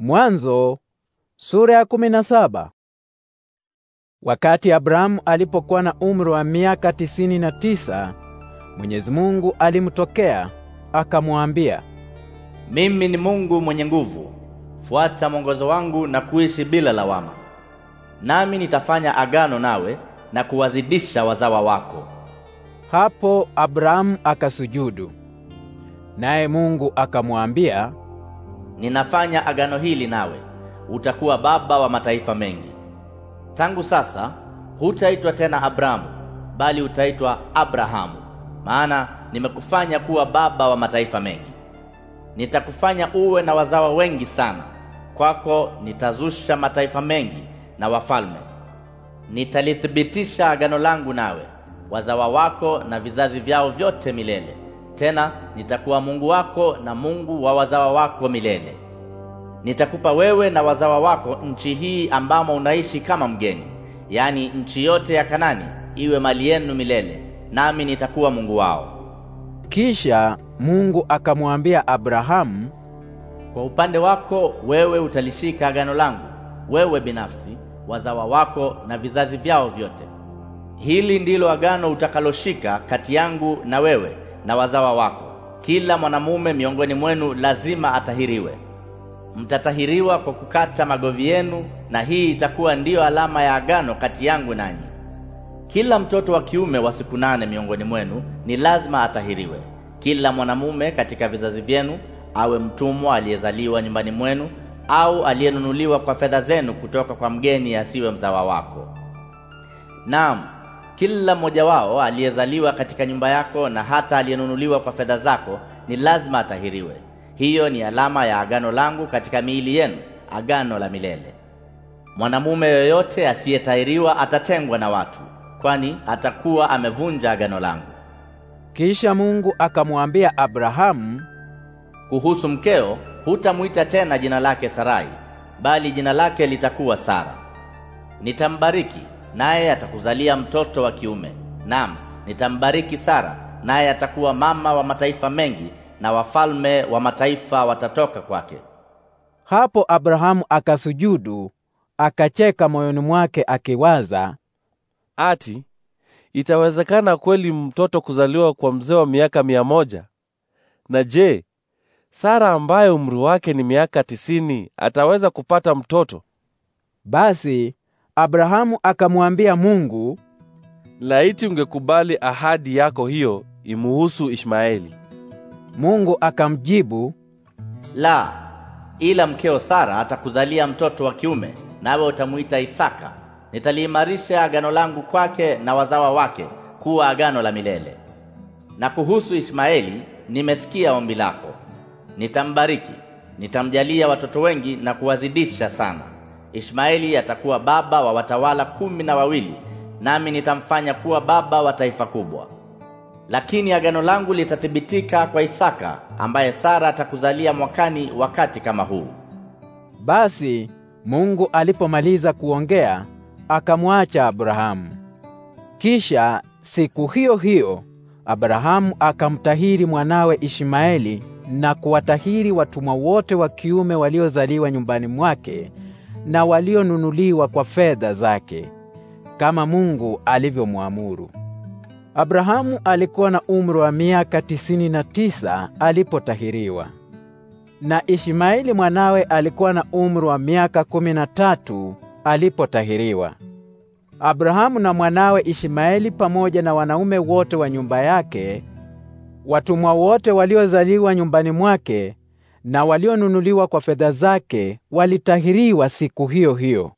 Mwanzo sura ya kumi na saba. Wakati Abrahamu alipokuwa na umri wa miaka tisini na tisa, Mwenyezi Mungu alimtokea akamwambia, mimi ni Mungu mwenye nguvu, fuata mwongozo wangu na kuishi bila lawama, nami nitafanya agano nawe na kuwazidisha wazawa wako. Hapo Abrahamu akasujudu, naye Mungu akamwambia ninafanya agano hili nawe, utakuwa baba wa mataifa mengi. Tangu sasa hutaitwa tena Abramu, bali utaitwa Abrahamu, maana nimekufanya kuwa baba wa mataifa mengi. Nitakufanya uwe na wazawa wengi sana, kwako nitazusha mataifa mengi na wafalme. Nitalithibitisha agano langu nawe, wazawa wako na vizazi vyao vyote milele. Tena nitakuwa Mungu wako na Mungu wa wazawa wako milele. Nitakupa wewe na wazawa wako nchi hii ambamo unaishi kama mgeni, yaani nchi yote ya Kanani iwe mali yenu milele, nami nitakuwa Mungu wao. Kisha Mungu akamwambia Abrahamu, kwa upande wako wewe utalishika agano langu, wewe binafsi, wazawa wako na vizazi vyao vyote. Hili ndilo agano utakaloshika kati yangu na wewe na wazawa wako. Kila mwanamume miongoni mwenu lazima atahiriwe. Mtatahiriwa kwa kukata magovi yenu, na hii itakuwa ndiyo alama ya agano kati yangu nanyi. Kila mtoto wa kiume wa siku nane miongoni mwenu ni lazima atahiriwe. Kila mwanamume katika vizazi vyenu, awe mtumwa aliyezaliwa nyumbani mwenu au aliyenunuliwa kwa fedha zenu kutoka kwa mgeni, asiwe mzawa wako. Naam. Kila mmoja wao aliyezaliwa katika nyumba yako na hata aliyenunuliwa kwa fedha zako ni lazima atahiriwe. Hiyo ni alama ya agano langu katika miili yenu, agano la milele. Mwanamume yoyote asiyetahiriwa atatengwa na watu, kwani atakuwa amevunja agano langu. Kisha Mungu akamwambia Abrahamu, kuhusu mkeo, hutamwita tena jina lake Sarai, bali jina lake litakuwa Sara. Nitambariki naye atakuzalia mtoto wa kiume. Naam, nitambariki Sara, naye atakuwa mama wa mataifa mengi, na wafalme wa mataifa watatoka kwake. Hapo Abrahamu akasujudu, akacheka moyoni mwake akiwaza ati itawezekana kweli mtoto kuzaliwa kwa mzee wa miaka mia moja? Na je, Sara ambaye umri wake ni miaka tisini ataweza kupata mtoto? Basi Abrahamu akamwambia Mungu, laiti ungekubali ahadi yako hiyo imuhusu Ishmaeli. Mungu akamjibu, la, ila mkeo Sara atakuzalia mtoto wa kiume, nawe utamuita Isaka. Nitaliimarisha agano langu kwake na wazawa wake kuwa agano la milele. Na kuhusu Ishmaeli, nimesikia ombi lako, nitambariki, nitamjalia watoto wengi na kuwazidisha sana. Ishmaeli atakuwa baba wa watawala kumi na wawili, nami nitamfanya kuwa baba wa taifa kubwa. Lakini agano langu litathibitika kwa Isaka, ambaye Sara atakuzalia mwakani wakati kama huu. Basi Mungu alipomaliza kuongea akamwacha Abrahamu. Kisha siku hiyo hiyo Abrahamu akamtahiri mwanawe Ishmaeli na kuwatahiri watumwa wote wa kiume waliozaliwa nyumbani mwake na walionunuliwa kwa fedha zake kama Mungu alivyomwamuru. Abrahamu alikuwa na umri wa miaka tisini na tisa alipotahiriwa, na Ishmaeli mwanawe alikuwa na umri wa miaka kumi na tatu alipotahiriwa. Abrahamu na mwanawe Ishmaeli pamoja na wanaume wote wa nyumba yake, watumwa wote waliozaliwa nyumbani mwake na walionunuliwa kwa fedha zake walitahiriwa siku hiyo hiyo.